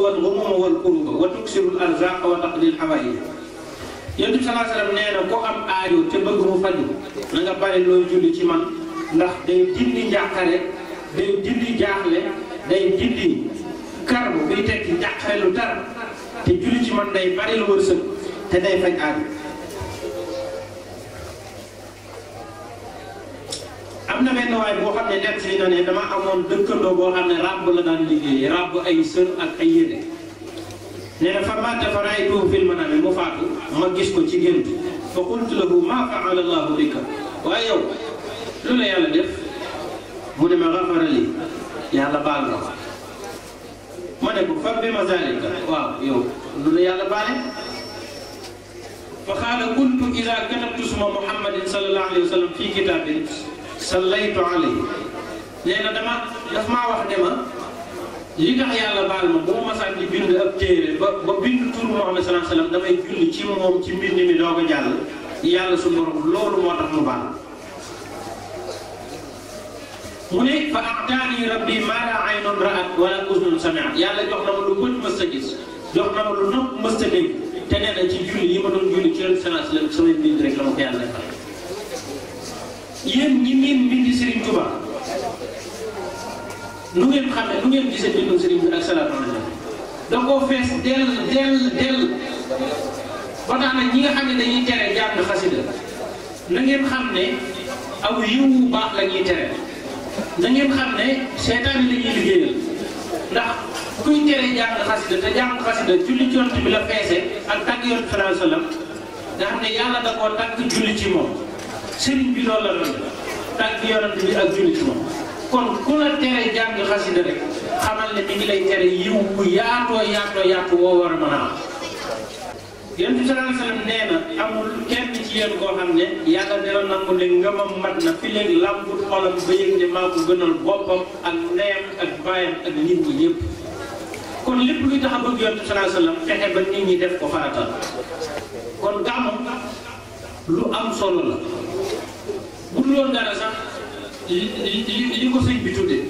والغمم والكروب وتكسر الارزاق وتقضي الحوائج يوم صلى الله عليه وسلم كو ام ايو تي بغ مو فاجو نغا باري لو جولي سي مان ناخ داي جيندي جاخاري داي جيندي جاخلي داي جيندي كارب بي تيك جاخلو دار تي جولي سي مان داي باري لو ورسل تي داي فاج ايو am na benn waay boo xam ne nett li na ne dama amoon dëkkandoo boo xam ne ràbb la daan liggéey ràbb ay sër ak ay yére nee na fa maata fa raaytuhu fil manaami mu faatu ma gis ko ci gént fa qultu lahu maa faala allahu bika waaye yow lu la yàlla def mu ne ma xafara li yàlla baal na ma ne ko fa bi ma zalika waaw yow lu la yàlla baale fa xaala kuntu ida katabtu suma muhammadin sallallahu alayhi wa sallam fii kitaabin sallaytu alayhi nee na dama daf maa wax ne ma li tax yàlla baal ma bu ma masaan di bind ab téere ba ba bind tur Muhammad sallallahu alayhi wa sallam damay julli ci moom ci mbind mi doo ko jàll yàlla su borom loolu moo tax mu baal mu ne fa a'taani rabbi maa laa aynun ra'at wala udnun sami'at yàlla jox na lu bët mës a gis jox na lu nopp mës a dégg te nee ci julli yi ma doon julli ci Yonent sallallahu alayhi wa sallam samay bind rek la ma ko yàlla defal yéen ñi miin mbindi Serigne Touba nu ngeen xam ne nu ngeen gisee bindoo Serigne bi ak salaatu alayhi da koo fees dell dell na ñi nga xam ne dañuy tere jàng xasida na ngeen xam ne aw yiw baax la ñuy tere na ngeen xam ne seetaan yi la ñuy liggéeyal ndax kuy tere jàng xasida te jàng xasida julli cont bi la feese ak tàgg yoon sallallahu alayhi wasallam nga xam ne yàlla da koo tàgg julli ci moom sëriñ bi loolu la doon def tàgg yonent ak jullit moom kon ku la tere jàng xasida rek xamal ne mi ngi lay tere yiw bu yaatoo yaatoo yaatu woo war a mën a am yonent bi nee na amul kenn ci yéen koo xam ne yàlla dina nangu ne ngëmam mat na fi léegi làmbut xolam ba yëg ne maa ko gënal boppam ak ndeyam ak baayam ak nit ñi yëpp kon lépp luy tax a bëgg yonent bi sallallahu alayhi wasallam fexe ba nit ñi def ko farata kon gàmmu lu am solo la bu dul woon dara sax li li li ko sëñ bi tuddee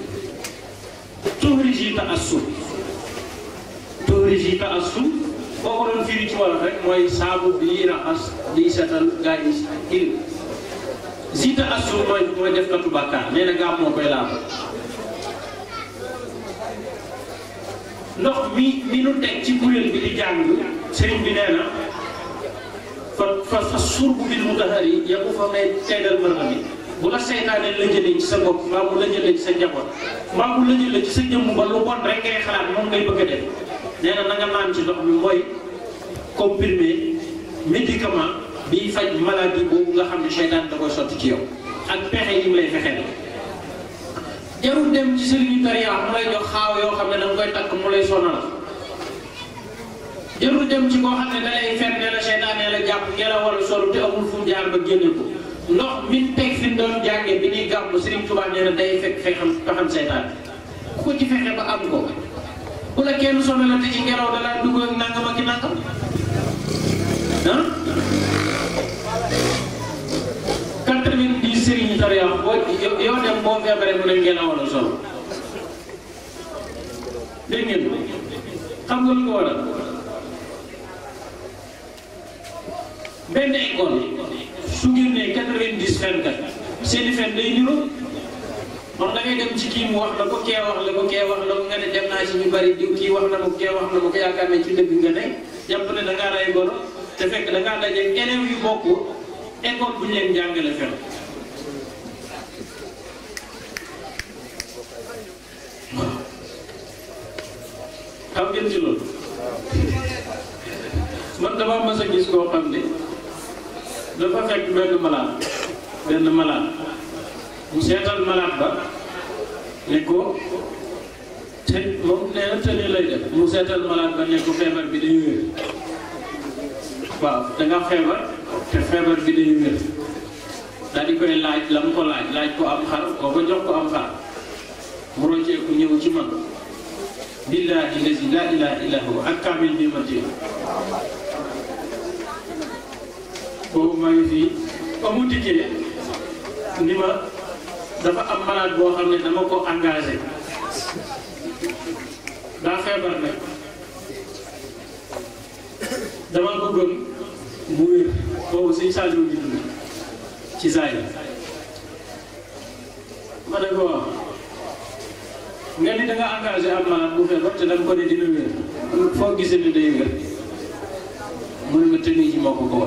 tuhrij yi ta'assub tuhrij yi ta'assub boo ko doon firi ci wolof rek mooy saabu bi raxas di setal gaa yi il si ta'assub mooy mooy def katu bàkkaar nee na gaam moo koy laal ndox mi mi nu teg ci kuréel bi di jàng sëriñ bi nee fa fa suur bu bil mutahari yaa ko fa may tegal mërëmi bu la seytaane la jëlee sa bopp mbaa bu la jëlee ci sa njaboot mbaa bu la jëlee ci sa jëmm ba lu bon rek ngay xalaat moom ngay bëgg a def nee na na nga naan ci ndox mi mooy comprimé médicament biy faj maladie boobu nga xam ne seytaane da koy sotti ci yow ak pexe yi mu lay fexeel. jarul dem ci sëriñu tariyaa mu lay jox xaaw yoo xam ne da koy takk mu lay sonal. jëru dem ci koo xam ne da lay fen ne la seytaane jàpp ne la war a te amul fu jaar ba génne ko ndox min teg fi doon jàngee bi ñuy gàmm Sëriñ Tuubaa nee na day fekk fexam pexam seytaan ku ko ci fexe am ko bu la kenn sono la te ci ngelaw da laa dugg ak nangam ak nangam ah yow boo yow ngeen xam nga lu ko waral benn école su ngeen nee quatre-vingt-dix fenkat seeni fen day niroo moom da ngay dem ci kii mu wax la ko kee wax la ko kee wax la ko nga ne dem naa ci ñu bari diw kii wax na ko kee wax na ko yaakaar ne ci dëgg nga ne jàpp ne da ngaa rey golo te fekk da ngaa daje élèves yu bokk école bu ñu leen jàngale fen xam ngeen ci loolu man damaa mas a gis koo xam ne dafa fekk benn malade benn malade mu seetal malade ba ne te moom nee na tële lay def mu seetal malade ba ne feebar bi dañu wér waaw da feebar te feebar bi dañu wér daal di koy laaj la mu ko laaj laaj ko am xar boo ko jox ko am xar mu rocceeku ñëw ci man billaahi lazi laa ilaaha illaa huwa ak kaamil bi ma jéem boobu maa ngi fii ba dikkee ni dafa am malade boo xam ne dama ko engage daa feebar nag dama bëggoon mu wér boobu suñ Sadio gi dund ci zaay ma ne ko waaw nga ni da nga engagé am malade bu feebar te da nga ko ne dina wér foo gisee ni day wér mu ne ma tënk ji moo ko ko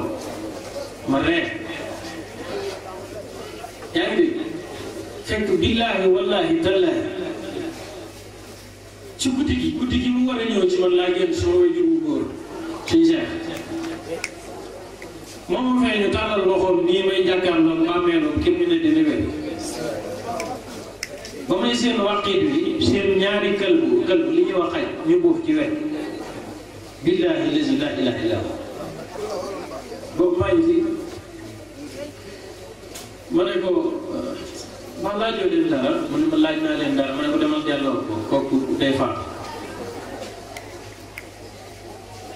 ma ree yaa ngi dégg fekk billaahi wallaahi tallaahi ci guddi gi guddi gi mu war a ñëw ci man laa génn sama way jur wu góor suñu moom ma fay ñu tàllal nii may jàkkaarloo maa meeloon kenn mu ne dina mel ba may seen waqiit bi seen ñaari kalbu kalbu li ñuy wax xaj ñu buuf ci wet billaahi lazi laa ilaaha illaa boobu maa ngi ma ne ko wax laajoo leen dara mu ne ma laaj naa leen dara ma ne ko demal delloo ko kooku day faatu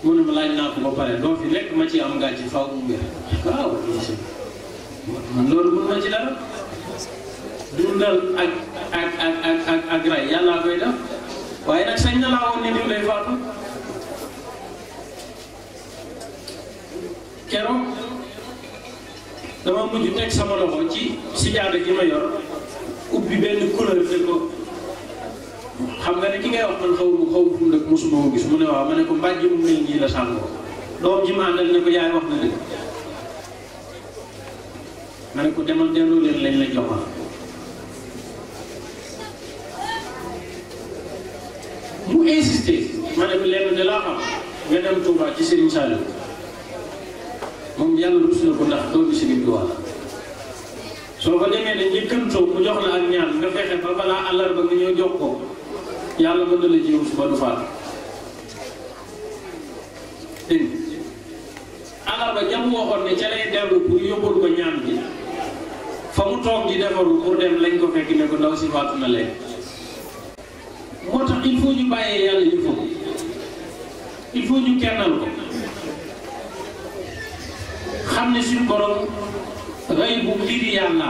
mu ne ma laaj naa ko ba pare doo fi lekk ma ci am gàcce faw mu wér waaw loolu ma ci dara dundal ak ak ak ak ak ak ray yàllaa koy def waaye nag sañ na laa woon ne diw day faatu keroog dama mujj teg sama loxo ci a ji ma yor ubbi benn couleur ne ko xam nga ne ki ngay wax man xaw xaw ma dëkk gis mu ne waa ma ne ko mbàjj mu mel nii la sàngoo doom ji ma àndal ne ko yaay wax na dëgg ma ne ko demal delloo leen lañ la joxoon mu insisté ma ne ko lenn de laa xam nga dem Touba ci Serigne Saliou moom yàlla rus na ko ndax doomi Sëriñ Tuubaa la soo ko demee ne njëkkantoo mu jox la ak ñaan nga fexe ba balaa àllarba nga ñëw jox ko yàlla mën na la ci rus ba du faat dégg àllarba ne ca lay ko ñaan bi fa mu toog di defaru pour dem lañ ko fekk ne ko ndaw si faatu na leen moo tax il faut ñu bàyyee yàlla yëfu il faut ñu kennal ko xam ne suñu borom rey bu lii di de xam nga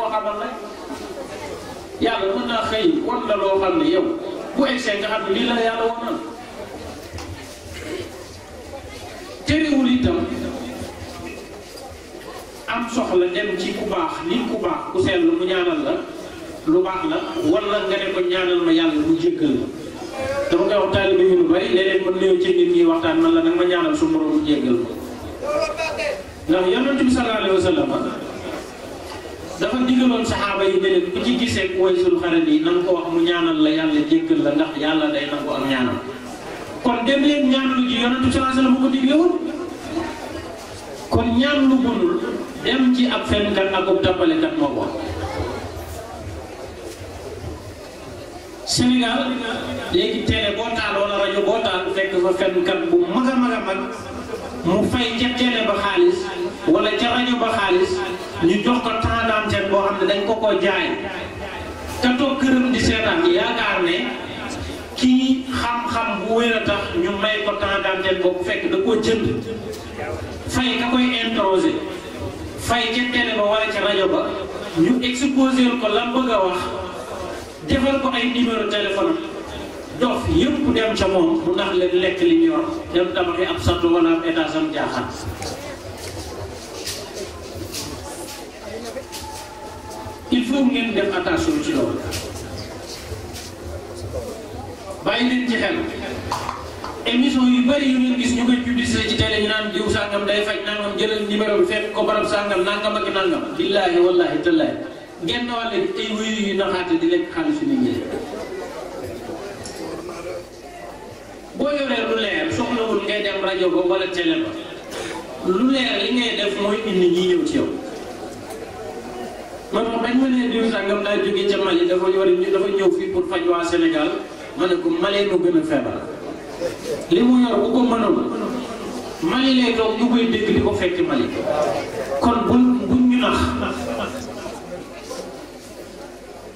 ko xamal rek yàlla mën naa xëy wan la yow egsee nga xam lii la itam am soxla dem ci ku baax lii ku baax ku sell mu ñaanal la lu baax la wala nga ne ko ñaanal ma yàlla mu jéggal la dama koy wax taalibe yi lu bari léeg-léeg man ci nit ñi waxtaan man la nag ma ñaanal su moroom jéggal ndax yonent bi sallallahu alayhi wa yi ne leen ci gisee way sul xarit yi na ko wax mu ñaanal la yàlla jéggal la ndax yàlla day nangu am ñaanal kon dem leen ñaanlu ji yonent bi sallallahu ko diglewoon kon ñaan lu bunul dem ci ab fenkat ak ab tappalekat moo ko Sénégal léegi télé boo taal wala rajo boo taal fekk fa fenkat bu mag a mag a mu fay ca télé ba xaalis wala ca rajo ba xaalis ñu jox ko temps d'antenne boo xam ne dañ ko ko jaay te toog këram di seetaan yaakaar ne kii xam-xam bu wér a tax ñu may ko temps d'antenne boobu fekk da koo jënd fay ka koy introsé fay ca télé ba wala ca rajo ba ñu exposé ko la bëgg a wax defal ko ay numéro téléphone dof yëpp dem ca moom mu nax lekk li ñu yor dem tabaxi ab sant wala ab état sam jaaxal il faut ngeen def attention ci loolu bàyyi leen ci xel émission yu bëri yu ngeen gis ñu koy publicité ci télé ñu naan diw sàngam day faj nangam jëlal numéro bi fekk ko barab sàngam nangam ak nangam billaahi wallaahi tallaahi genn wàll gi ay wuyu yu naxaate di lekk xaalisu nit ñi boo yoree lu leer soxlawul ngay dem rajo ba wala télé lu leer li ngay def mooy indi ñi ñëw ci yow. man moom dañ ma ne diw a dafa pour faj waa Sénégal ma gën a feebar li mu yor bu ko mënoon Mali lay toog ñu koy dégg di ko fekk Mali kon buñ buñ ñu nax.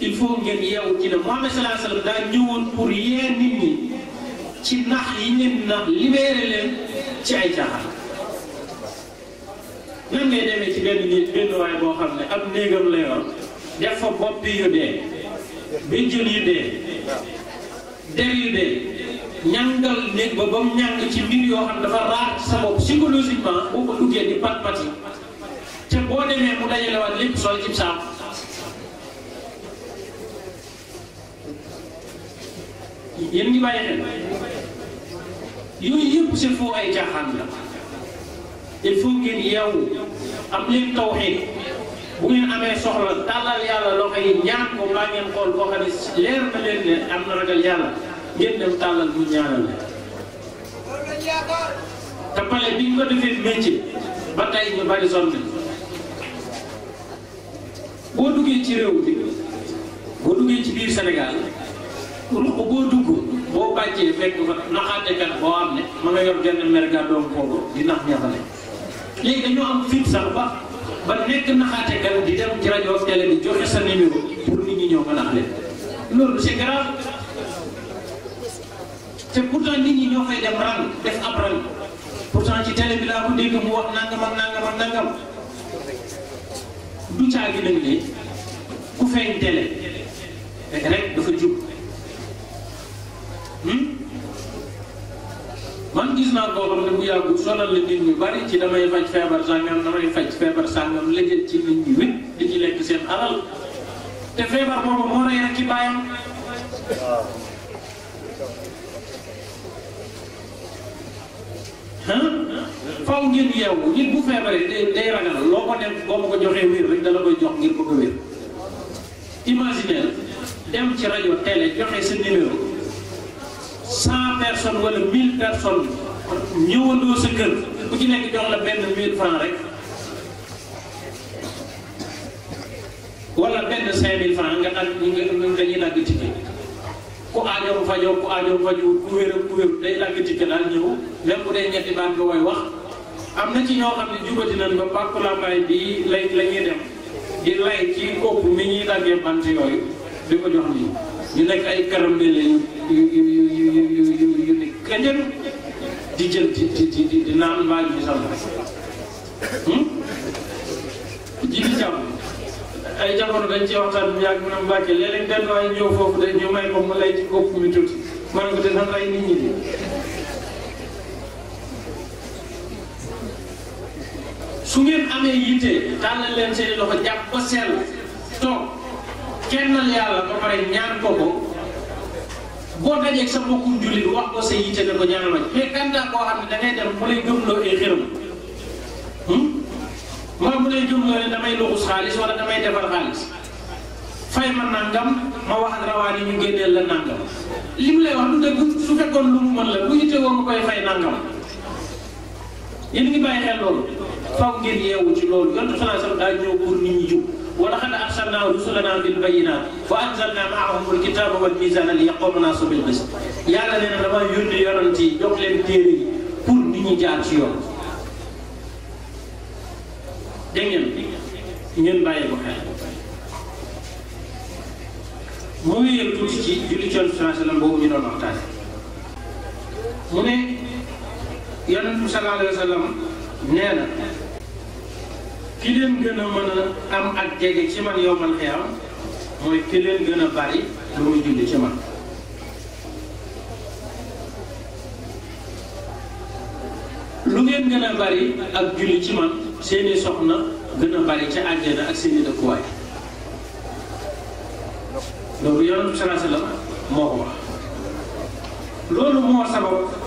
il faut ngeen yeewu ci ne Muhammad sallallahu alayhi wa sallam daa ñëwoon pour yee nit ñi ci nax yi ngeen nax libéré leen ci ay caaxaan. nan ngay demee ci benn benn waay boo xam ne ab néegam la yor def fa bopp yu dee bëjjël yu dee der yu dee ñàngal néeg ba ba mu ñàng ci mbir yoo xam dafa raar sa bopp psychologiquement boo ko duggee di pat pati te boo demee mu dajalewaat lépp sol ci saako. yéen ngi bàyyi yooyu yëpp c'est faux ay caaxaan la il faut ngeen yeewu am leen tawxiid bu ngeen amee soxla tàllal yàlla loxo yi ñaan ko laa ngeen xool koo xam leer na leen ne am na ragal yàlla ngeen dem tàllal bu ñaanal te pale bi ñu defee métier ba tey ñu bari sonn boo duggee ci réew bi boo duggee ci biir Sénégal lu ko boo dugg boo bàccee fekk fa naxaatekat boo am ne ma nga yor genn mer gàddoom kooku di nax ña léegi dañoo am fit sax ba ba nekk naxaatekat di dem ci rajo ak bi joxe sa numéro pour nit ñëw nga nax leen loolu c'est grave te pourtant nit ñi ñoo fay dem rang def ab rang pourtant ci télé bi laa ko dégg mu wax nangam ak nangam ak nangam du caagi nag ne ku feeñ télé rek dafa jub Hmm? man gis naa koo xam ne bu yàggul sonal la nit ñu bari ci damay faj feebar sàngam damay faj feebar sàngam la jël ci nit ci lekk seen alal te feebar boobu moo rey rek ci bàyyam faw ngeen yeewu nit bu feebaree day day ragal loo ko dem boo ko joxee wér rek dala koy jox ngir bëgg a wér imaginer dem ci rajo télé joxe sa numéro cent personnes wala mille personnes ñëwandoo sa kër ku ci nekk jox la benn mille franc rek wala benn cinq mille franc nga dagg nga dañuy dagg ci kër ku aajo bu fajoo daal ñëw même bu dee ñetti baat nga koy wax am na ci ñoo xam ne jubati nañ ba bàkku làmbaay bi lay la dem di lay ci kopp mi ñuy daggee bant yooyu di ko jox nii ñu nekk ay karamel yu yu di kañal di jël di di di di ji di jàmm ay jamono dañ ci waxtaan bi yàgg mu ne Mbacke léeg-léeg benn foofu de may ko mu lay ci bopp mi tuuti ma ne ko dina rey ñi di su ngeen amee yitte tànnal leen seeni loxo jàpp ba sell toog kennal yàlla ba pare ñaan ko ko boo dajeeg sa mbokkum jullit wax ko sa yitte ne ko ñaanal ma mais kantaa koo xam ne da ngay dem hmm? mu lay gëmloo ay damay luxus xaalis wala damay defar xaalis fay ma nangam ma wax ak rawaan yi ñu génneel la nangam li mu lay wax du su fekkoon lu mu mën la bu yitte woon nga koy fay nangam yéen ngi bàyyi xel loolu faw ngeen yeewu ci loolu yontu salaa daa ñëw pour nit ñi jub ولقد أرسلنا رسلنا بالبينات وأنزلنا معهم الكتاب والميزان ليقوم الناس بالقسط yàlla nee na dama yónni yonent yi jox leen téere yi pour nit ñi jaar ci yoon dégg ngeen ngeen bàyyi ko xel mu wéyal tuuti ci julli ci yonent sallallahu alayhi wa sallam boobu ñu doon waxtaan mu ne yonent sallallahu alayhi wa sallam nee ki leen gën a mën a am ak jege ci man yowmal xiyaam mooy ki leen gën a bari lu muy julli ci man lu ngeen gën a bari ak julli ci man seeni soxna gën a bari ca àjjana ak seeni dëkkuwaay loolu yonent bi sallallahu alayhi wa sallam moo wax loolu moo sabab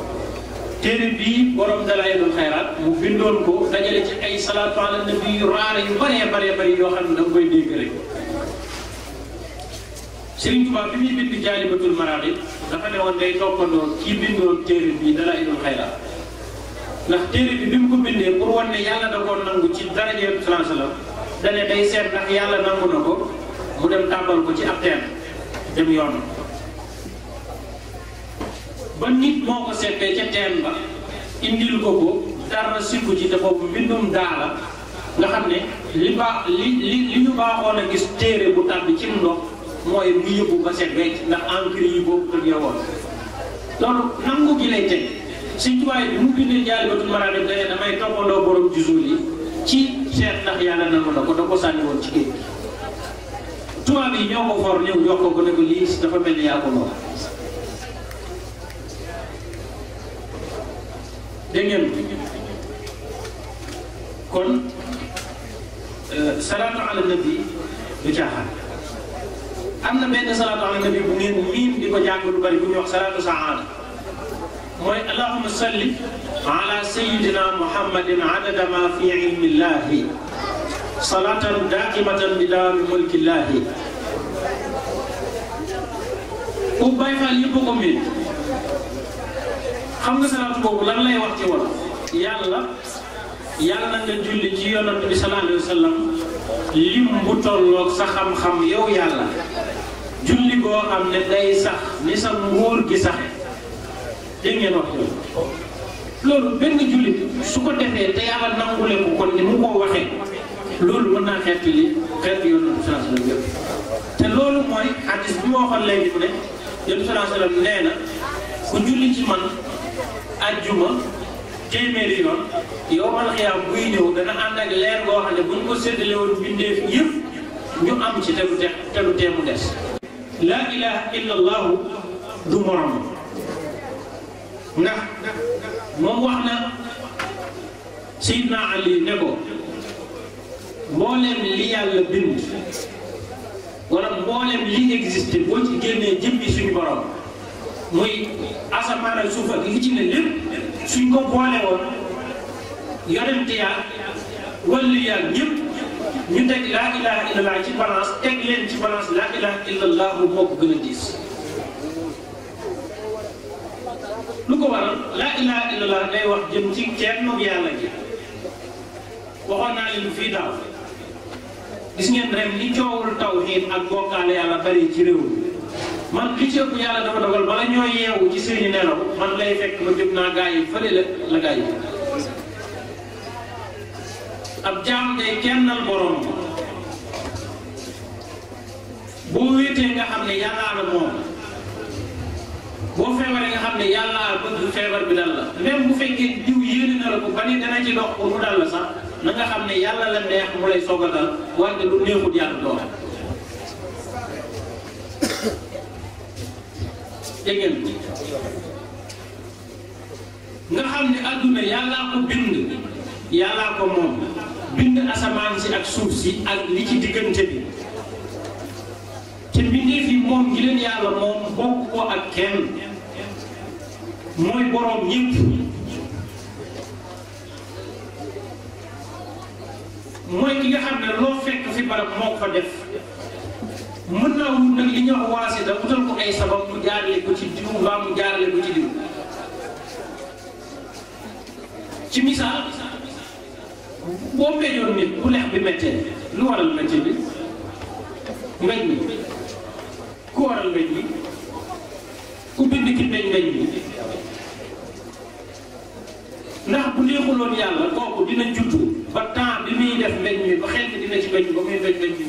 téere bii borom Dalaa'ilul Xayraat mu bindoon ko dajale ci ay salaatu ala nabi yu raare yu bëree bëree bëri yoo xam ne da koy dégg rek Serigne Touba bi muy bind Jaalibatul Maraaxib dafa ne woon day toppandoo ci bindoon téere bii Dalaa'ilul Xayraat ndax téere bi bi mu ko bindee pour wan ne yàlla da nangu ci darajeetu salaam da ne day seet ndax yàlla nangu na ko mu dem tàmbal ko ci ab teen dem yoon. ba nit moo ko seetee ca teen ba indil ko ko dara sikku ci te boobu mbindum daala nga xam ne li baax li li li ñu baaxoon a gis téere bu tàbbi ci ndox mooy mu yëbbu ba set wecc ndax encre yi boobu tëdd yowoon loolu nangu gi lay teg Sëñ Tuubaa bi mu bindee Jaalibatul Maraagib dane damay toppandoo borom jusul yi ci seet ndax yàlla nangu na ko da ko sànni woon ci géej gi tubaab yi ñoo ko for ñëw jox lii dafa mel yaa ko moom دنجن كن آه، صلاة على النبي بجاهر أما بين صلاة على النبي بنين مين دي بجاهر بري بني وصلاة سعاد موي اللهم صل على سيدنا محمد عدد ما في علم الله صلاة دائمة بدار ملك الله وبايفا ليبقوا منه xam nga salaatu boobu lan lay wax ci wala yàlla yàlla nga julli ci yonant bi sallallahu alayhi wasallam lim bu tolloog sa xam-xam yow yàlla julli boo xam ne day sax ni sa nguur gi saxe dégg ngeen wax loolu benn julli su ko defee te yàlla nangule ko kon ni mu ko waxee loolu mën naa xeet li xeet yonant bi sallallahu alayhi yëpp te loolu mooy hadis bi ma waxoon léegi ne yonant bi sallallahu nee na ku julli ci man ajjuma téeméeri yoon yowmal xiyaam buy ñëw dana ànd ak leer goo ne bu ñu ko séddale woon bindeef yëpp ñu am ci te du te te des laa ilaha illa allahu du morom ndax moom wax na Seydina Ali ne ko mbooleem li yàlla bind wala mbooleem li existé boo ci génnee jëmmi suñu borom muy asamaan ak li ci ne suñ ko boole woon yonent ya wàllu ya ñëpp ñu teg laa ilaha illallah ci balance teg leen ci balance laa ilaha illallah moo ko gën a diis ko waral laa ilaha wax jëm ci kenn ak yàlla ji waxoon naa leen fii daaw gis ngeen ren li coowul tawhiid ak bokkaale yàlla bari ci réew mi man li ci ëpp yàlla dafa dogal bala ñoo yeewu ci seeni nelaw man lay fekk ma jóg naa gaa yi fële la la gaa yi ab jaam day kennal borom boo wéetee nga xam ne yàllaa la moom boo feebaree nga xam ne yàllaa bëgg feebar bi dal la même bu fekkee diw yéene na la ko ba ni dana ci dox pour mu dal la sax na nga xam ne yàlla la neex mu lay soog a dal wante lu neexut yàlla doo dégg ngeen nga xam ne àdduna yàllaa ko bind yàllaa ko moom bind asamaan si ak suuf si ak li ci diggante bi te mbindeef yi moom ngi leen yàlla moom bokk ko ak kenn mooy boroom ñëpp mooy ki nga xam ne loo fekk fi barab moo fa def mën naa wut nag li ñuy wax waasita utal ko ay sabab mu jaarale ko ci diw mbaa mu jaarale ko ci diw ci misaal boo mbéyoon nit bu lex bi méttee lu waral métti bi mbéy mi ku waral mbéy mi ku bind ki mbéy mbéy mi ndax bu neexuloon yàlla kooku dina juddu ba temps bi muy def mbéy mi ba xel dina ci mbéy mi ba muy mbéy mbéy mi.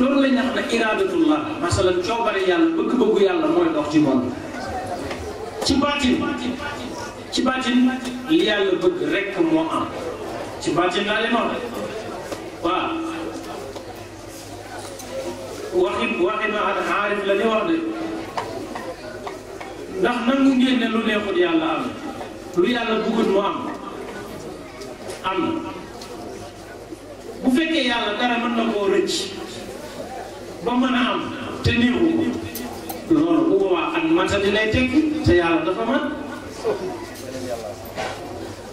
loolu lañ wax ne iradatullah masalan coobare yàlla bëgg-bëggu yàlla mooy dox ci moom ci baatin ci baatin li yàlla bëgg rek moo am ci baatin laa leen wax waaw waxi waxi ma la ñu wax yàlla am lu yàlla bëggul mu am am bu fekkee yàlla dara mën na koo rëcc ba mën a am te néewu bu ak man sa di lay saya te yàlla dafa man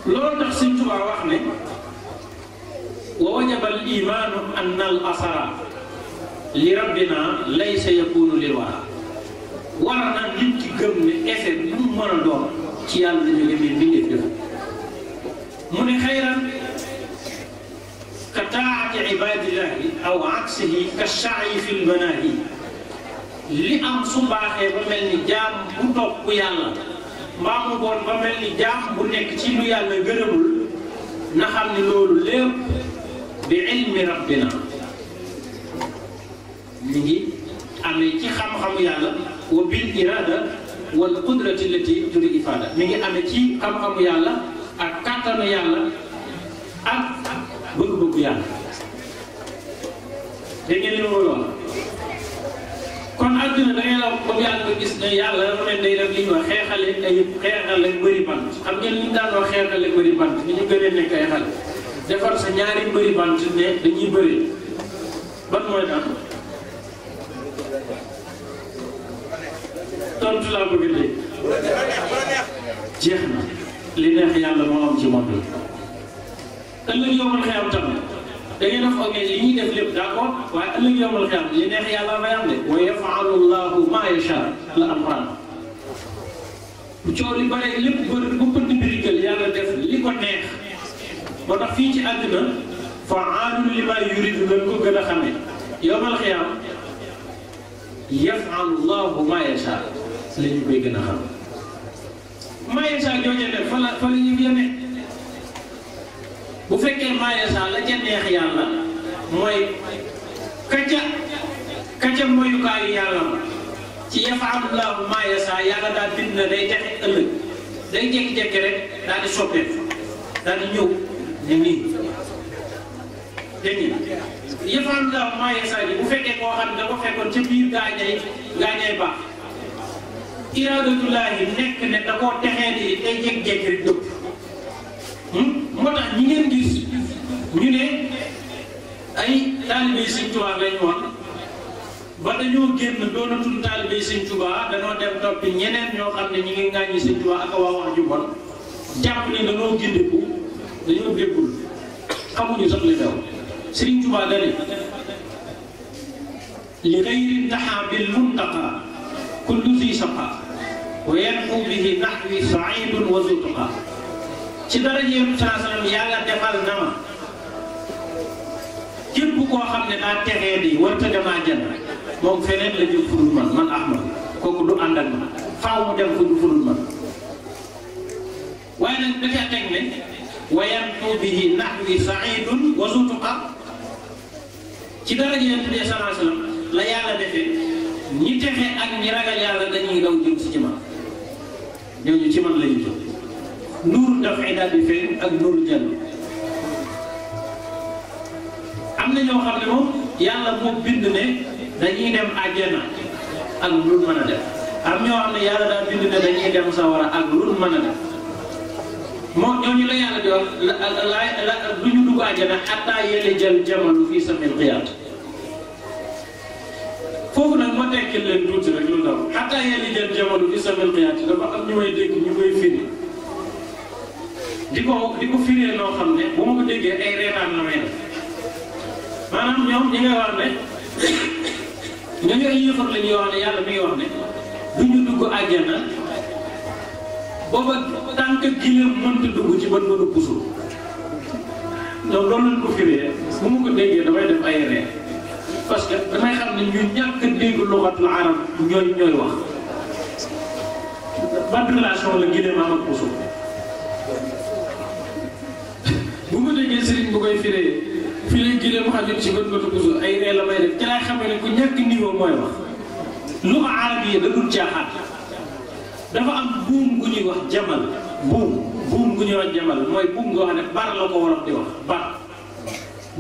loolu tax sëñ Tuubaa wax ne wa an al asara li rabbina laysa yakunu lil wara war na nit ki gëm ne effet bu mu mën a ci dañu def كطاعة عباد الله أو عكسه كالسعي في المناهي li am su baaxee ba mel ni jaam bu topp yàlla mbaa mu bon ba mel ni jaam bu nekk ci lu yàlla gërëmul na xam ne loolu lépp bi ilmi rabbina mi ngi amee ci xam-xamu yàlla wa bil irada wal qudrati lati turi ifada mi ngi amee ci xam-xamu yàlla ak kàttanu yàlla ak ko bëgg yàlla dégg ngeen li ma koy kon àdduna da ngay la ba yàgg gis ne yàlla dafa ne day li ñuy wax xeexale ay xeexale mbëri bant xam ngeen li ñu daan wax xeexale mbëri bant bi ñu gënee nekk ay xale defar sa ñaari mbëri bant ne dañuy bëri ban mooy daan tontu laa bëgg a jeex na li neex yàlla moo am ci monde ëllëg yombal xiyam tam da ngeen a foogee li ñuy def lépp d' accord waaye ëllëg yombal xiyam li neex yàlla may am de wa yafalu llahu ma yacha la alquran bu coow li bare lépp bër bu pënd birigal yàlla def li ko neex moo tax fii ci àddina faalun li ma yurid ngeen ko gën a xamee yombal xiyam yafalu llahu ma yacha la ñu koy gën a xam ma yacha jooje def fa la fa la ñu yemee bu fekkee maayasa la ca neex yàlla mooy kaca kaca moyukaayu yàlla ma ci yafaalullahu maayasa yàlla daal bind na day texe ëllëg day jékki-jékki rek daal di soppeeku daal di ñëw ni nii dégg nga yafaalullahu maayasa ji bu fekkee koo xam ne da ko fekkoon ca biir gaañay gaañay baax iraadatullaahi nekk ne da koo texee day jékki-jékki rek dëpp hmm? moo tax ñi ngeen gis ñu ne ay taalibey Sëñ Tuubaa lañ woon ba dañoo génn doonatul taalibey Sëñ Tuubaa danoo dem toppi ne ñi ngi ngàññi Sëñ Tuubaa waa wax ju bon jàpp ne dañoo gindiku dañoo déggul xamuñu sax li daw Sëriñ Tuubaa dane li xayri ndaxaa bil muntaqa kullu si saqa wa bihi naxwi saidun wa zutqa ci dara yéen saa salaam yàlla defal na ma képp xam ne daa texee di warta damaa jënd moom feneen la kooku du ànd ak mu dem fudul fudul man waaye nag dafa teg ne wayantu la yàlla defee ñi texe ak ñi ragal yàlla dañuy daw jëm si ci man ñooñu ci man lañu jëm nuuru dafay daal di feeñ ak nuuru jàll am na ñoo xam ne moom yàlla moo bind ne dañuy dem àjjana ak lu mën a def am ñoo xam ne yàlla daal bind ne dañuy dem sawara ak lu mën a def moom ñooñu la yàlla di wax la la du ñu dugg àjjana xataa yële jël jamalu fii samil xiyaat foofu nag ma tekkil leen tuuti rek lu ndaw xataa yële jël jamalu fii samil xiyaat dafa am ñu may dégg ñu koy firi. di ko di ko firee noo xam ne bu ma ko déggee ay reetaan la may def maanaam ñoom ñi nga wax ne ñooñu ay yëfar la ñuy wax ne yàlla mi ngi wax ne du ñu dugg àjjana booba tànk gileem mënta dugg ci bët ba dugg suuf donc loolu lañ ko firee bu ma ko déggee damay def ay ree parce que damay xam ne ñu ñàkk a dégg luxatul arab ñooy ñooy wax ban relation la gileem am ak puso firee sëriñ bu koy firee fi lay gileem xajul ci gën gëtu puso ay ree la may def ci laay xamee ku ñàkk niveau mooy wax lu ma arab yi da dul caaxaan dafa am buum gu ñuy wax jamal buum buum gu ñuy wax jamal mooy buum nga wax ne bar ko wolof di wax bar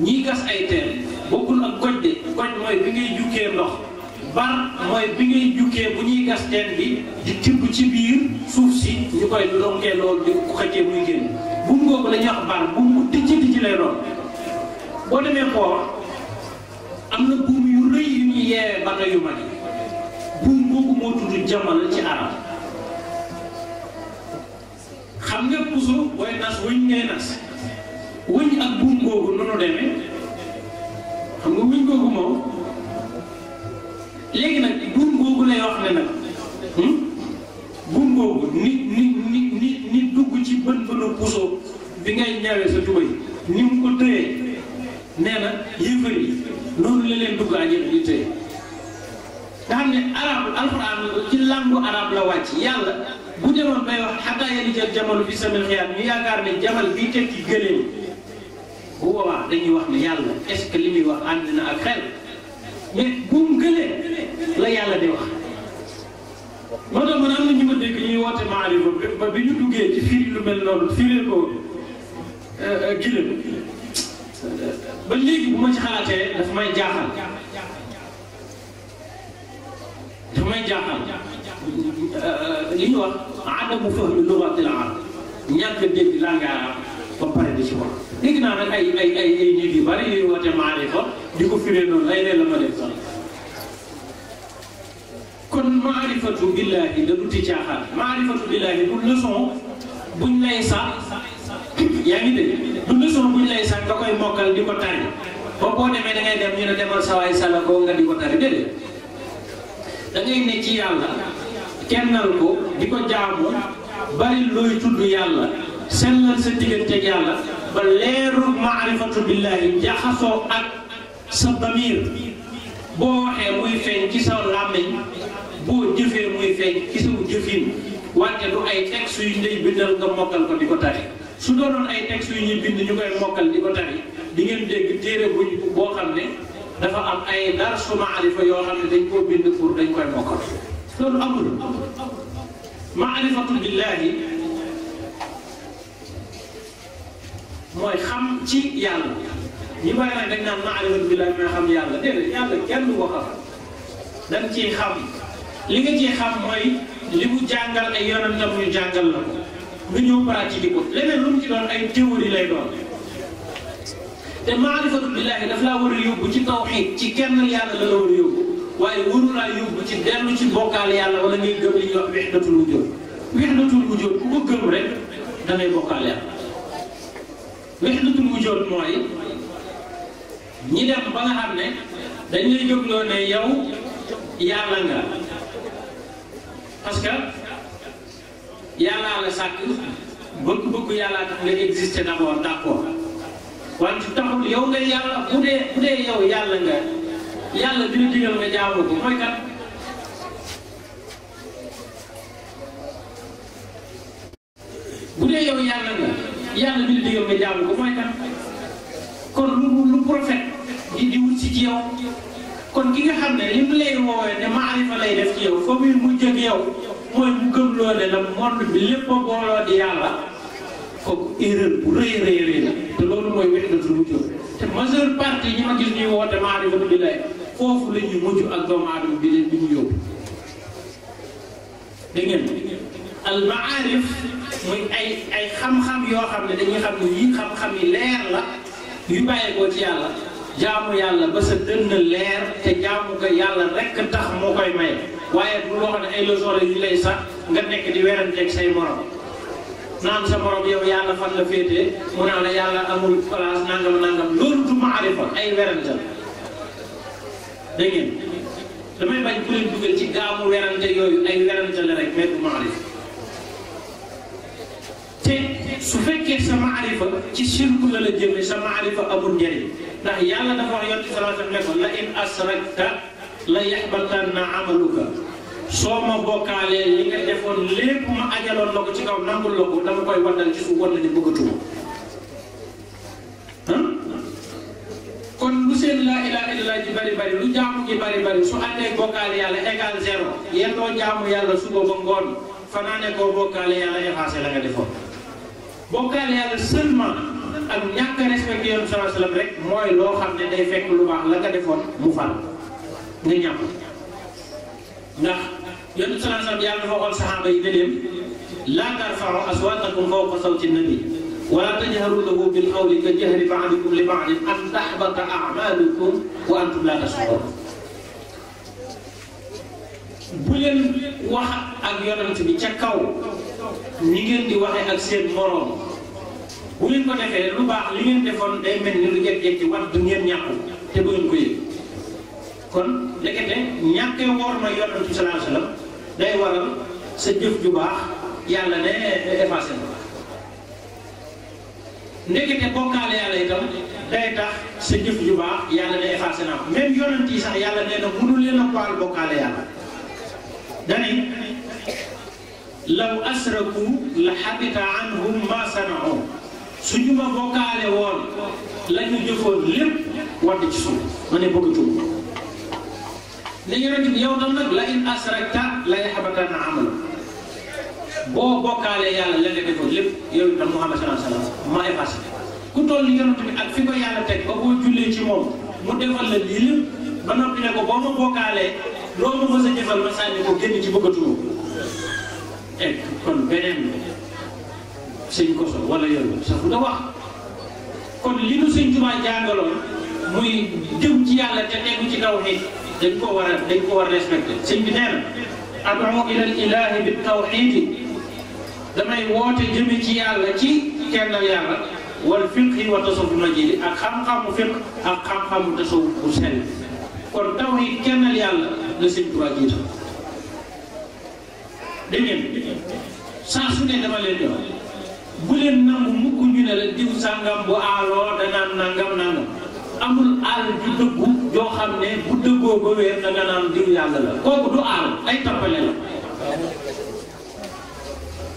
ñiy gas ay teen bokkul ak goj de goj mooy bi ngay jukkee ndox ban mooy bi ngay jukkee bu ñuy gas teen bi di tibb ci biir suuf si ñu koy donkee loolu di ko xëccee muy génn buum googu la ñuy wax ban buum bu dijj dijj lay doon boo demee xoor am na buum yu rëy yu ñuy yeewee bana ci xam nga puso buum googu noonu demee xam nga wëñ googu moom léegi nag buum googu lay wax ne nag hmm? buum googu ni ni ni ni dugg ci bën bënu puso bi ngay ñawee sa tubay ni mu ko tëyee nee na yéefar yi la leen dugg àjjana ñu tëye nga xam ne arab alxuraan ci làngu araab la wàcc yàlla bu demoon bay wax xataa yéen jël jamono bi samil xiyaam ñu yaakaar ne jamal bi tekki gëléem bu boobaa dañuy wax ne yàlla est ce que li muy wax ànd ak xel mais bu la yàlla di wax moo tax man am na ñu ma dégg ñuy woote maarifa ba bi ñu duggee ci firi lu mel noonu firi ko euh, euh, giléem ba léegi bu ma ci xalaatee dafa may jaaxal dafa may jaaxal euh, li ñu wax adamu fahmi lugatil arab ñàkk a dégg langa arab ba di ci wax dégg naa nag ay ay ay ay nit yu bari yuy woote maarifa di ko firee noonu lay lee la ma def kon maarifatu billaahi da duti caaxaan maarifatu billaahi du leçon buñ lay sax yaa ngi dégg du leçon buñ lay sax nga koy mokkal di ko tari ba boo demee da ngay dem ñu ne demal sawaay salakoo nga di ko tari déedéet da ngay ne ci yàlla kennal ko di ko jaamu bari looy tudd yàlla sellal sa digganteeg yàlla ba leeru maarifatu billaahi jaxasoo ak sa damir boo waxee muy feeñ ci sa làmmiñ boo jëfee muy feeñ ci saw jëfin wante du ay texte yu ñu lay bindal nga mokkal ko di ko tari su doonoon ay texte yu ñu bind ñu koy mokkal di ko tari di ngeen dégg téere buñ boo xam ne dafa am ay dar su maarifa yoo xam ne dañ koo bind pour dañ koy mokkal loolu amul maarifatu billaahi mooy xam ci yàlla ñi bàyyi nag dañ naan maarifatu billaahi mooy xam yàlla déedéet yàlla kenn du ko xam xam li nga ci xam mooy li mu jàngal ay yonentam ñu jàngal la ko nga ñëw pratiquer ko leneen lu mu ci doon ay théorie lay doon te maarifatu billaahi daf war a yóbbu ci tawxiid ci kenn yàlla la la war a yóbbu waaye waru laa yóbbu ci dellu ci bokkaal yàlla wala ngay gëm li ñuy wax wahdatul wujuud wahdatul wujuud ku ko gëm rek da bokkaal yàlla wahdatul wujuud mooy ñi dem ba nga xam ne dañ lay jógloo ne yow yàlla nga. parce que yàllaa la sàkk bëgg-bëgg yàllaa tax nga exister d'abord d'accord wante taxul yow nga yàlla bu dee bu dee yow yàlla nga yàlla bi ñu digal nga jaamu ko mooy kat bu dee yow yàlla nga yàlla bi ñu digal nga jaamu ko mooy kat kon lu lu prophète di di wut si ci yow. kon ki nga xam ne li mu lay woowee ne maarifa lay def ci yow fa muy mujj ak yow mooy mu gëm loo ne la monde bi lépp a booloo yàlla kooku erreur bu rëy te loolu mooy wahdatul te majeure partie ñi ma gis ñuy woote maarifa foofu la mujj ak doomu aadama bi leen bi ñu yóbbu dégg ngeen muy ay ay xam-xam yoo xam ne dañuy xam ne yii xam-xam yi leer la yu bàyyeekoo ci yàlla jaamu yàlla ba sa dënn leer te jaamu ko yàlla rekk tax moo koy maye waaye du loo xam ne ay leçon yu lay sax nga nekk di weranteeg say morom naan sa morom yow yàlla fan la féetee mu naan la yàlla amul place nangam nangam loolu du maarifa ay werante la dégg ngeen damay bañ ku leen dugal ci gaamu werante yooyu ay werante rek mais du maarifa su fekkee sa maarifa ci sirku la la jëme sa maarifa amul njëriñ ndax yàlla dafa wax yonti sallallahu alayhi wa sallam la in asrakta la yaxbatanna amaluka soo ma bokkaalee li nga defoon lépp ma ajaloon la ko ci kaw nangul la ko dama koy waddal ci suuf wala di bëggatuma kon lu seen laa ilaaha illallaah ji bari bari lu jaamu ji bari bari su àndee bokkaale yàlla égal zéro yendoo jaamu yàlla suba ba ngoon fanaane koo bokkaale yàlla effacé la nga defoon bukan yàlla seulement ak ñàkk a respecté yoon sallallahu alayhi wa sallam rek mooy loo xam ne day fekk lu baax la nga defoon mu fal nga ñàpp ndax yoon sallallahu alayhi wa sallam yàlla dafa waxoon saxaaba yi ne leen laa tarfa'u aswaatakum fawqa sawti nabi ولا تجهروا له بالقول كجهر بعضكم لبعض ان تحبط اعمالكم وانتم لا تشعرون bu leen wax ak yonent bi ca kaw ñi ngeen di waxee ak seen moroom bu ngeen ko defee lu baax li ngeen defoon day mel ni lu jékki ci wax du ngeen ñàkku te du ngeen ko kon ndekete ñàkkee woor na yonent bi sallallahu alayhi day waral sa jëf ju baax yàlla ne effacé na ndekete bokkaale yàlla itam day tax sa jëf ju baax yàlla na ko même yonent sax yàlla nee na mënu leen a baal bokkaale yàlla dani law asraku la xabita anhum ma sanao suñu ma bokkaale woon la ñu lépp wadd ci suuf ma ne bëgg tuub ne yonent bi yow tam nag la in asrakta la yaxabatanna amal boo bokkaale yàlla la nga defoon lépp yow itam Muhammad salaa ku toll ni yonent bi ak fi ko yàlla teg ba boo jullee ci moom mu defal la lii lépp ba noppi ne ko boo ma bokkaalee loo ma mës a jëfal ma sànni ko génn ci bëgg a egg kon beneen sëñ koso walla yooyu sax nga wax kon li nu sëñ Tuubaa jàngaloon muy jëm ci yàlla te tegu ci tawxiid dañ ko war a dañ ko war a respecté sëñ bi nee na ad'u ila ilaahi bi tawxiid damay woote jëme ci yàlla ci kennal yàlla wal fiqhi wa tasawuf majid ak xam-xamu fiqh ak xam-xamu tasawuf bu sell kon tawxiid kennal yàlla la sëñ Tuubaa jiital dégg ngeen saa ne dama len di wax bu len nang muku ñu ne la diw sangam bu da nan nangam nangam amul al ju dëggu jo xamne bu dëggoo ba wer da nan naan diw yàlla la kooku du al ay tapale la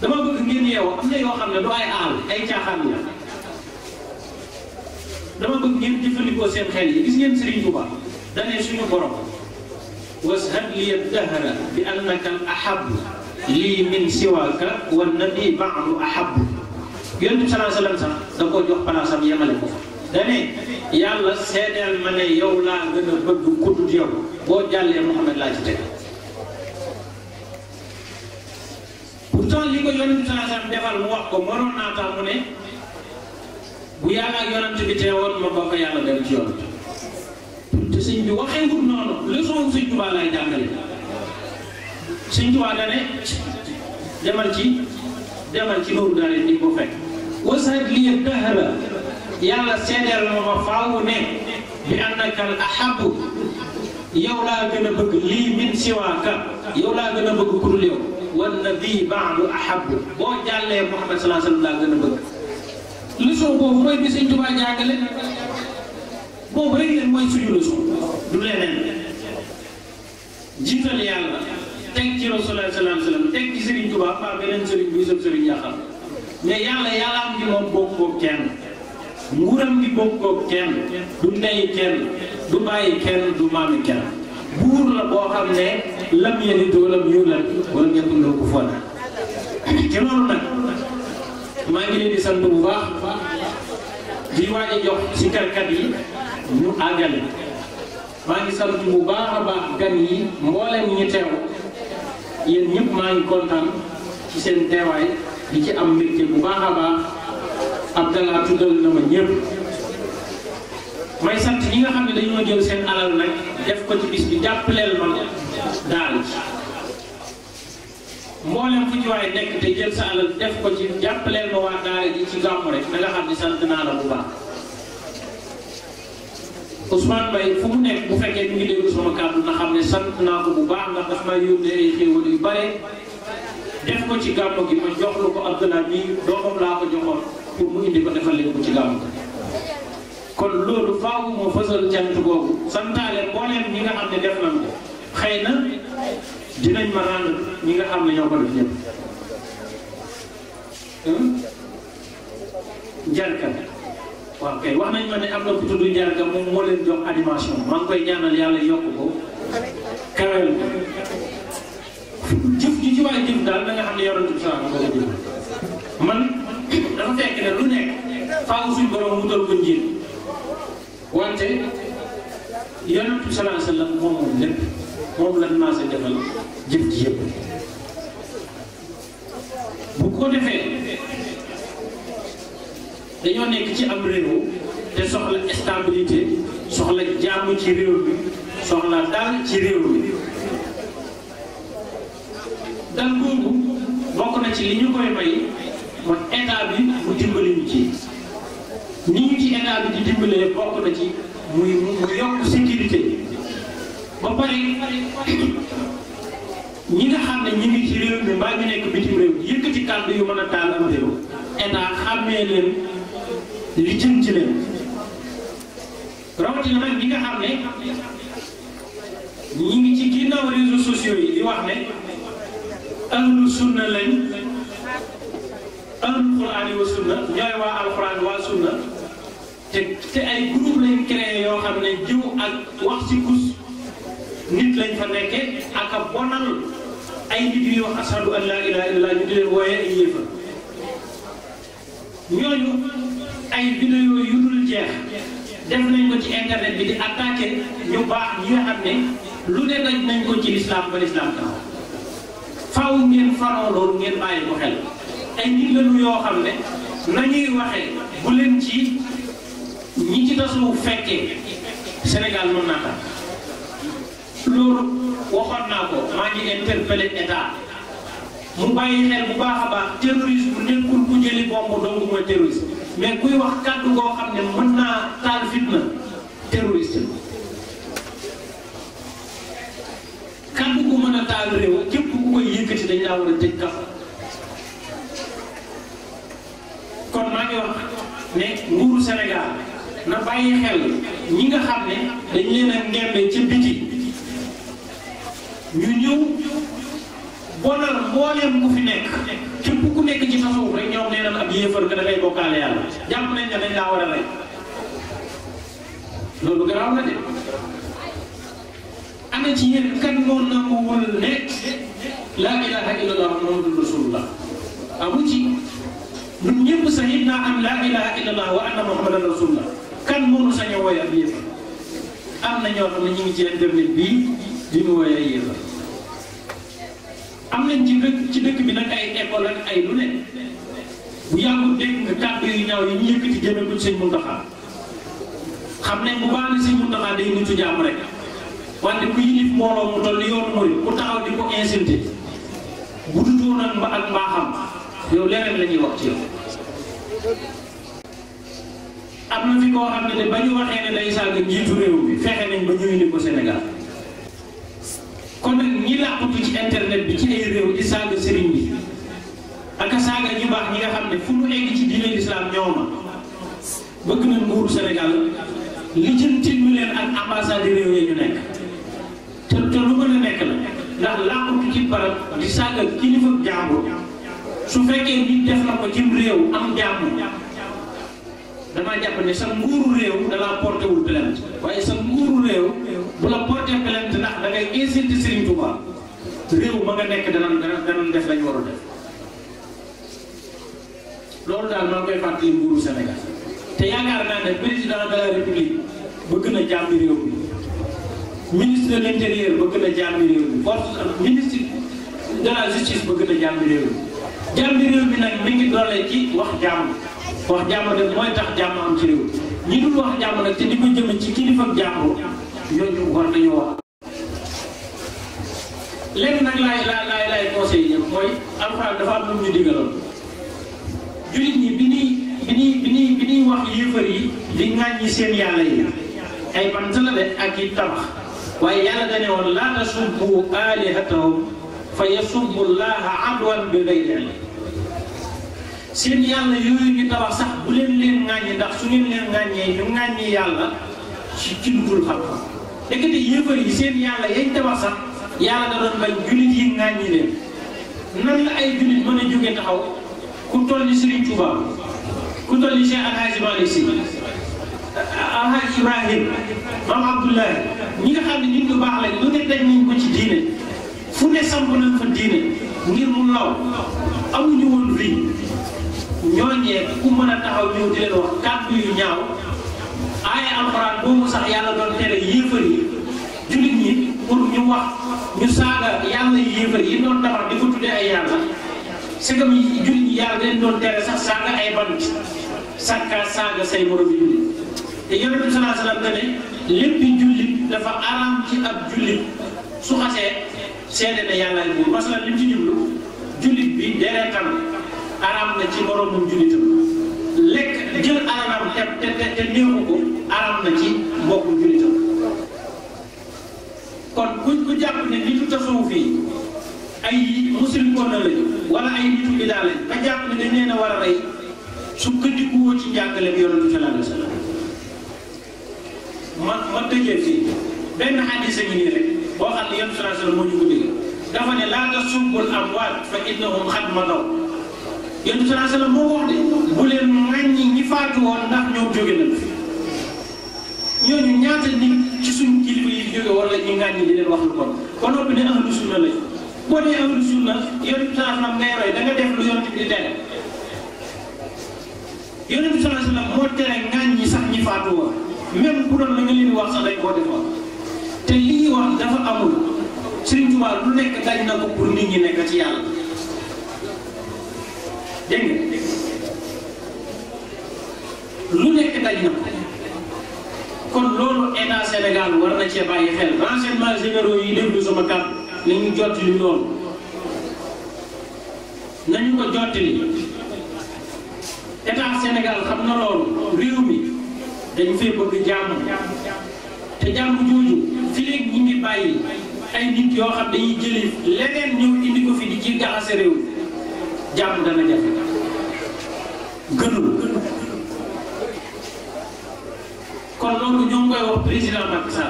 dama bëgg ngeen yew am na yo xamne ne du ay al ay caaxaan la dama bëgg ngeen jëfandikoo seen xel yi gis ngeen Serigne Touba dañe suñu borom washad li dahra bi annaka al ahab lii min siwaaka wan nabi baadu ahabu yonent bi salaa salaam sax da koo jox palaasam yemale ko dane yàlla seedeel ma ne yow laa gën a bëgg kuddut yow boo jàllee Muhammad laa ci teg pourtant li ko yonent bi salaa salaam defal mu wax ko mënoon naa tax mu ne bu yàlla ak yonent bi teewoon ma bokk yàlla dem ci te sëñ bi waxee wut noonu leçon sëñ Tuubaa lay jàngale suñ tubaab da ne demal ci demal ci loolu daal di ko fekk wasaare lii yëpp dahra yàlla seedeel na ma faaw ne bi annaka al ahabu yow laa gën a bëgg lii min siwaaka yow laa gën a bëgg ku dul yow wan nabi baadu ahabu boo jàllee Muhammad salaa sallam laa gën a bëgg. leçon boobu mooy bi suñ tubaab jàngale boobu rek leen mooy suñu leçon du leneen jiital yàlla. teg ci Rasulullah salaam salaam teg ci Serigne Touba mbaa beneen Serigne buy sëb Serigne Yaxam mais yàlla yàlla am gi moom bokkoo kenn nguuram gi bokkoo kenn du ndey kenn du bàyyi kenn du maami kenn buur la boo xam ne lam yalid wa lam yuulad wa lam yakun lahu kufuwan ahad te loolu nag maa ngi leen di sant bu baax di waaj a jox si karkat yi ñu àggali maa ngi sant bu baax a baax gan yi mboolem ñi teew. yéen ñëpp maa ngi kontaan ci seen teewaay di ci am mbégte bu baax a baax Abdallah tuddal na ma ñëpp may sant ñi nga xam ne dañoo jël seen alal nag def ko ci bis bi jàppaleel ma daal mboolem fu ci waaye nekk te jël sa alal def ko ci jàppaleel ma waa daara ji ci gàmmu rek da nga xam ne sant naa la bu baax Ousmane Mbaye fu mu nekk bu fekkee mu ngi déglu sama kàddu na xam ne sant naa bu baax ndax daf may yónnee ay xéewal yu bare def ko ci gàmmu gi ma jox la ko Abdoulaye nii doomam laa ko joxoon ci gàmmu kon loolu faaw moo fësal cant boobu santaale mbooleem ñi nga xam ne def nañ ko xëy na dinañ ma rendre ñi nga xam ne ñoo ko def ñëpp hmm? waaw kay wax nañ ma ne am na ku tudd Ndiaga moom moo leen jox animation maa ngi koy ñaanal yàlla yokk ko kawel jëf ju ci waaye jëf daal ne yonent bi sallallahu alayhi wa sallam man dafa fekk ne lu nekk faaw suñ borom wutal ko njiit wante yonent bi sallallahu alayhi bu ko defee dañoo nekk ci am réew te soxla stabilité soxla jàmm ci réew bi soxla dal ci réew mi dal googu bokk na ci li ñu koy may mooy état bi mu dimbali ci ni ñu ci état bi di dimbalee bokk na ci muy mu yokk sécurité ba pare ñi nga xam ne ñu ngi ci réew mi mbaa ñu nekk bitim réew yëkkati kàddu yu mën a taal am réew état xàmmee leen li jëm ci leen rawatina nag ñi nga xam ne ñi ngi ci ginnaaw réseaux sociaux yi di wax ne ahlu sunna lañ ahlu quraan wa sunna ñooy waa alquran waa sunna te te ay groupe lañ créé yoo xam ne jiw ak wax ci kus nit lañ fa nekke ak bonal ay nit yu wax ashadu an laa ñu di leen wooyee ñooñu ay vidéo yu dul jeex def nañ ko ci internet bi di attaqué ñu baax ñi nga xam ne lu de daj nañ ko ci lislaam ba lislaam taxaw faaw ngeen faroo loolu ngeen bàyyi ko xel ay nit lañu yoo xam ne nañuy waxee bu leen ci ñi ci tasu fekkee Sénégal mën naa tax loolu waxoon naa ko maa ngi interpellé état mu bàyyi xel bu baax a baax terroriste bu nekkul ku jëli bomb dong mooy terroriste mais kuy wax kàddu goo xam ne mën naa taal fitna terroriste kàddu gu mën a taal réew képp ku koy yëkkati dañ laa war a tëj kafa kon maa ngi ne nguuru Sénégal na bàyyi xel ñi nga xam ne dañ leen a ngembe ca biti ñu ñëw bonal mbooleem ku fi nekk képp ku nekk ci sa rek ñoom nee nañ ab yéefar nga dangay bokkaale yàlla jàpp nañ ne war a rey loolu garaaw na de ana ci yéen kan moo nanguwul ne laa ilaha illallah muhammadu rasulullah amu ci ñun ñëpp saxiit naa am laa ilaha illallah wa anna muhammadan kan mënu sañoo woy ab yéefar am na ñoo xam ne ñu ngi ci internet bii di mu woy ay yéefar am nañ ci dëkk ci dëkk bi nag ay école ak ay lu ne bu yàggul dégg nga yu ñaaw yi ñu yëkkati jëme ko sëñ Muntaxa xam nañ bu baax ne sëñ Muntaxa day nitu jàmm rek wante ku yilif mbooloo mu toll mooy ku taxaw di ko insulté bu dutoon ak mba ak mbaaxam yow leneen la wax ci yow. na fi koo xam ne ne ba kon nag ñi làqatu ci internet bi ci ay réew di saaga sëriñ bi ak a saaga baax ñi nga xam ne fu mu egg ci diine lislaam ñoo ma bëgg na nguuru Sénégal li jëntin ñu leen ak ambassade réew yi ñu nekk te te lu mën a nekk la ndax làqatu ci barab di saaga kilifa jàmbur su fekkee nit def na ko ci réew am jàmbur dama japp ne sa nguuru réew da la porté wul plainte waaye sa nguuru réew bu la porté plainte ndax da ngay insulte Serigne Touba réew ma nga nekk dana dana def lañ waru def loolu daal maa koy fàttali nguuru Sénégal te yaakaar naa ne président de la république bëgg na jàmmi réew mi ministre de l' bëgg na force ministre de la justice bëgg wax jàmm nag mooy tax jàmm am ci réew ñi dul wax jàmm nag te di ko jëme ci kilifam jàmm ñooñu war nañu wax. léegi nag laay laay laay laay conseil ñëpp mooy alxuraan dafa am lu ñu digaloon jullit ñi bi ñuy bi ñuy bi ñuy bi ñuy wax yéefar yi di ŋàññi seen yàlla yi ay bant la de ak i tabax waaye yàlla dane laa tasubbu aalihatakum fa yasubbu llaaha adwan bi gayri seen yàlla yooyu ñu tabax sax bu leen leen ŋàññi ndax su ngeen leen ŋàññee ñu ŋàññi yàlla ci ci lu dul xam-xam nekkati yëfar yi seen yàlla yañ tabax sax yàlla da doon bañ jullit yi ŋàññi leen nan la ay jullit mën a jóge taxaw ku toll ni Serigne ku toll ni Cheikh Ibrahim Maam Abdoulaye ñi nga xam ne nit ñu baax lañ lu ne daj nañ ko ci diine fu ne samp nañ fa diine ngir mu law amuñu woon lii ñooñee ku mën a taxaw ñëw di leen wax kàddu yu ñaaw aaya alxuraan boobu sax yàlla doon tere yéefar yi jullit ñi pour ñu wax ñu saaga yàlla yéefar yi doon taxaw di ko tuddee ay yàlla segam yi jullit ñi yàlla leen doon tere sax saaga ay bant sàkka saaga say morom jullit te yonent bi salaa salaam ne lépp jullit dafa araam ci ab jullit su xasee seede ne yàlla buur masalan li mu ci jublu jullit bi dereetam araam na ci moroomum jullitam lekk jël alalam te te te néewu ko araam na ci mbokkum jullitam kon kuñ ko jàpp ne nitu tasawuf yi ay muslim kon la lañu wala ay nitu bidaa lañ nga jàpp ne dañ a war a rey sukkandikuwoo ci njàngale bi yonent bi sallallahu alayhi wa sallam ma tëjee fii benn xadis a ngi nii rek boo xam ne yonent bi sallallahu alayhi wa ñu ko dégg dafa ne laa tasubbul amwaat fa innahum xad madaw yéen sallallahu alayhi wasallam moo ko wax de bu leen ŋàññi ñi faatu woon ndax ñoom jóge nañ fi ñooñu ñaata nit ci suñ kilifa yi jóge wala ñu ŋàññi di leen wax lu kon ba noppi ne ahlu sunna lañ boo dee ahlu sunna yéen sallallahu alayhi wasallam ngay roy da nga def lu yonent bi di tere yonent bi sallallahu alayhi wasallam moo tere ŋàññi sax ñi faatu woon même bu doon la nga leen wax sax dañ koo defoon te lii wax dafa amul Sëriñ Tuubaa lu nekk daj na ko pour nit ñi nekk ci yàlla. dégg nga lu nekk daj na kon loolu état Sénégal war na cee bàyyi xel renseignement généraux yi déglu sama kàddu nañu jottali loolu nañu ko jottali état Sénégal xam na loolu réew mi dañu fee bëgg jàmm te jàmm jooju fi ñu ngi bàyyi ay nit yoo xam ne dañuy jëli leneen ñëw indi ko fi di ci jaxase réew jàmm dana jafe gënul kon loolu ñoo koy wax président Macky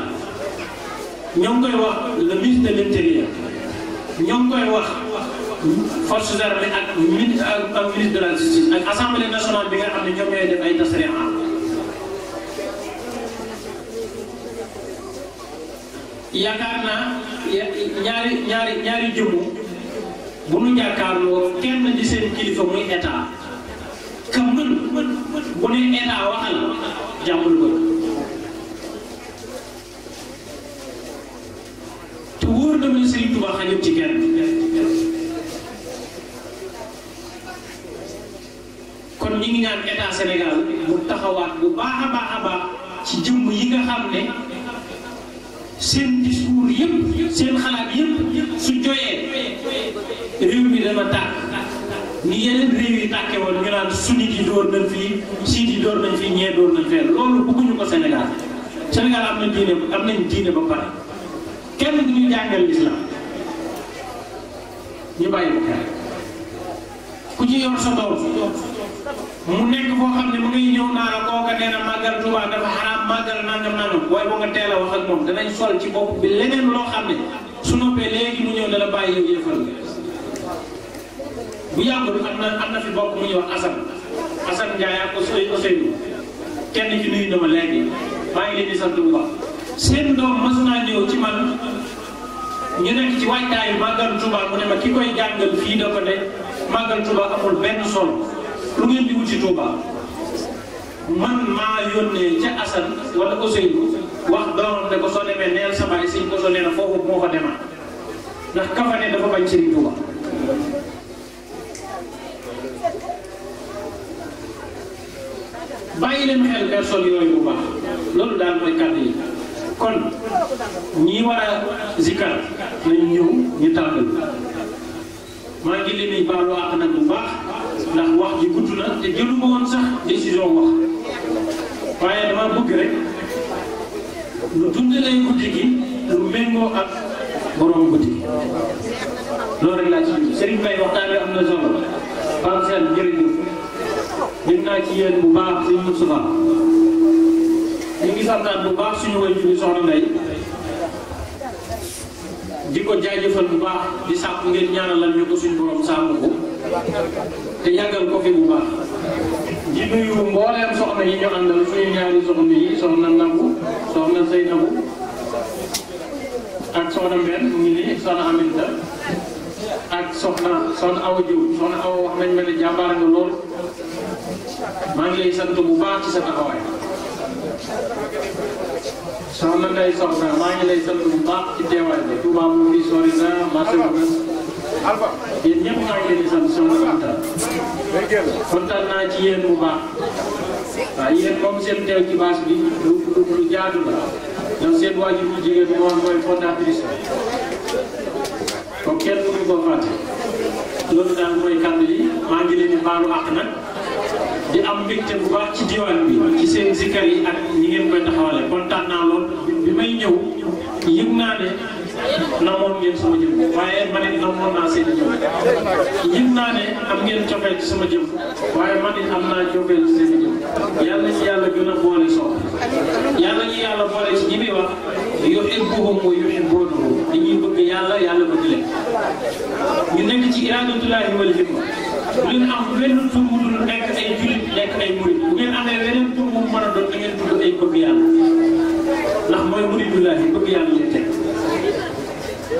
ñoo koy wax le ministre de l'intérieur ñoo koy wax forces armées ak ministre ak ministre de la justice assemblée nationale bi nga xam ne ñoom ñooy def ay tasariyaan yaakaar naa ñaari ñaari ñaari bu nu jàkkaarloo kenn di seen kilifa muy état ka mën bu ne état waxal jàmbul ko te kon ñu ngi ñaan état Sénégal mu taxawaat bu baax a baax a baax ci jëmm yi nga xam ne seen discours yëpp seen xalaat yëpp su joyee réew mi dama tàkk ni yeneen réew yi tàkke woon ñu naan suni di door nañ fii sii di door nañ fii ñee door nañ fee loolu bëgguñu ko Sénégal Sénégal am na diine am nañ diine ba pare kenn du ñu jàngal l'islam ñu bàyyi ko xel ku ci yor sa mu nekk foo xam ne mu ngi ñëw naa la kooka nee na màggal Tuubaa màggal nangam nangam waaye boo nga teel wax ak moom danañ sol ci bopp bi leneen loo xam ne su noppee léegi mu ñëw dana bàyyi yow bu yàgg am na am na fi bokk mu ñuy wax Assane Assane Ndiaye ak Ousseynou kenn ci nuyu dama léegi maa ngi leen di sant seen doom mas naa ñëw ci man ñu nekk ci waajtaayu màggal Touba mu ne ma ki koy jàngal fii da ko de màggal Touba amul benn solo lu ngeen di wuti Touba. man maa yónnee ca Assane wala Ousseynou wax doomam ne ko soo demee neel sa baay sëñ ko soo nee foofu moo fa demaat ndax ka dafa bañ Serigne Touba. bu baax loolu daal mooy kàddu yi kon ñi war a zikar nañ ñëw ñu tàggal maa ngi leen di baalu àq nag bu baax. ndax wax ji gudd na te jëluma woon sax décision wax waaye dama bëgg rek lu dundalee guddi gi lu méngoo ak borom guddi loolu rek laa ci jublu Serigne Baye waxtaan am na solo Pape Sène jërëjëf dégg naa ci yéen bu baax ñu ngi santaan bu baax suñu way bi soxna Ndeye di ko jaajëfal bu baax di sàpp ngeen ñaanalal la ko suñu borom sàmm ko. te yàggal ko fi bu baax di nuyu mbooleem soxna yi ñu àndal suñu ñaari soxna yi soxna Nabou soxna Seynabou ak soxna Mbène mu soxna Aminta ak soxna soxna Awa Diouf soxna wax nañ ma ne nga lool maa ngi lay sant bu baax ci sa taxawaay soxna Ndeye soxna maa ngi lay sant bu baax ci teewaay bi Touba mu ngi sori na marché bu yéen ñëpp maa ngi leen di sant soxna naa ci yéen bu baax waaw yéen moom seen teew ci bâche bi lu lu lu jaadu la ndax seen waajur bu jigéen bi moom mooy fondatrice kon kenn mënu ko fàtte loolu daal mooy kàddu yi maa ngi leen di baalu àq nag di am mbégte bu baax ci diwaan bi ci seen zikar yi ak ñi ngeen koy taxawale kontaan naa lool bi may ñëw yëg naa ne. namoon ngeen sama jëm waaye man it namoon naa seen jëm yëg naa ne am ngeen cofeel ci sama jëm waaye man it am naa cofeel ci seen jëm yàlla na ci yàlla gën a boole soxla yàlla ñu yàlla boole ci ñi muy wax yuhibbuhum wa yuhibbunahu dañuy bëgg yàlla yàlla bëgg leen ñu nekk ci iradatullahi wal himma bu leen am benn tur bu dul nekk ay jullit nekk ay murid bu ngeen amee weneen tur bu mën a doon da ngeen tudd ay bëgg yàlla ndax mooy muridullahi bëgg yàlla lay teg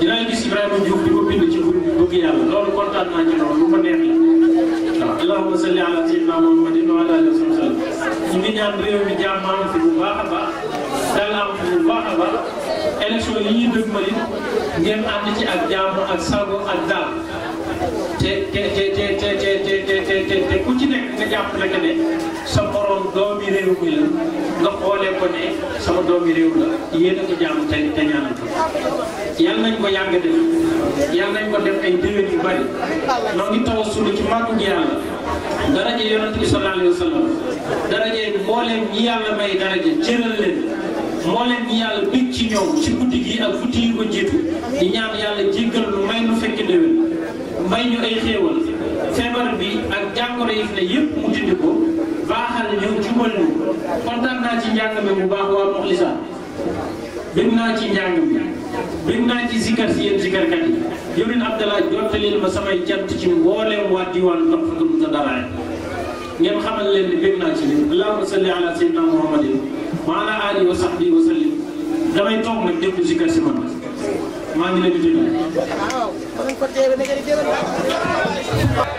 dinaa gis Ibrahima Diouf di ko bind ci bëgg yàlla loolu kontaan naa ci loolu lu ko neex la waaw allahumma salli ala sayyidina muhammadin wa ala alihi wa sallam ñu ngi ñaan réew mi jàmm am fi bu baax a baax dal am fi bu baax a baax élection yi ñuy dëgmal it ngeen ànd ci ak jàmm ak sago ak daal te te te te te te te te ku ci nekk nga jàpp ne que ne. borom doomi réew mi la nga xoolee ko ne sama doomi réew la yéen a ko jaamu te te ñaanal yal nañ ko yàgg def yal nañ ko def ay déwén yu bari noo ngi tawassul ci màggu gi yàlla daraje yonent bi sallallahu alayhi wa sallam daraje mbooleem yàlla may daraje cëral leen moo leen ñi yàlla bég ci ñoom ci guddi gi ak guddi yi ko jiitu di ñaan yàlla jéggal lu may nu fekk déwén may ñu ay xéewal feebar bi ak jàngoro yi fi ne yëpp mu ko baaxal ñu jubal ñu kontaan naa ci njàng mi bu baax waa Muxlisa bëgg naa ci njàng mi bëgg naa ci zikar si yéen zikarkat yi yoneen Abdallah jottalil ma samay cant ci mbooleem waa diwaan dox fa mu dara ngeen xamal leen ni bëgg naa ci lii allahumma salli ala sayyidina muhammadin wa ala alihi wa sahbihi wa sallim damay toog nag déglu zikar si man maa ngi leen di déglu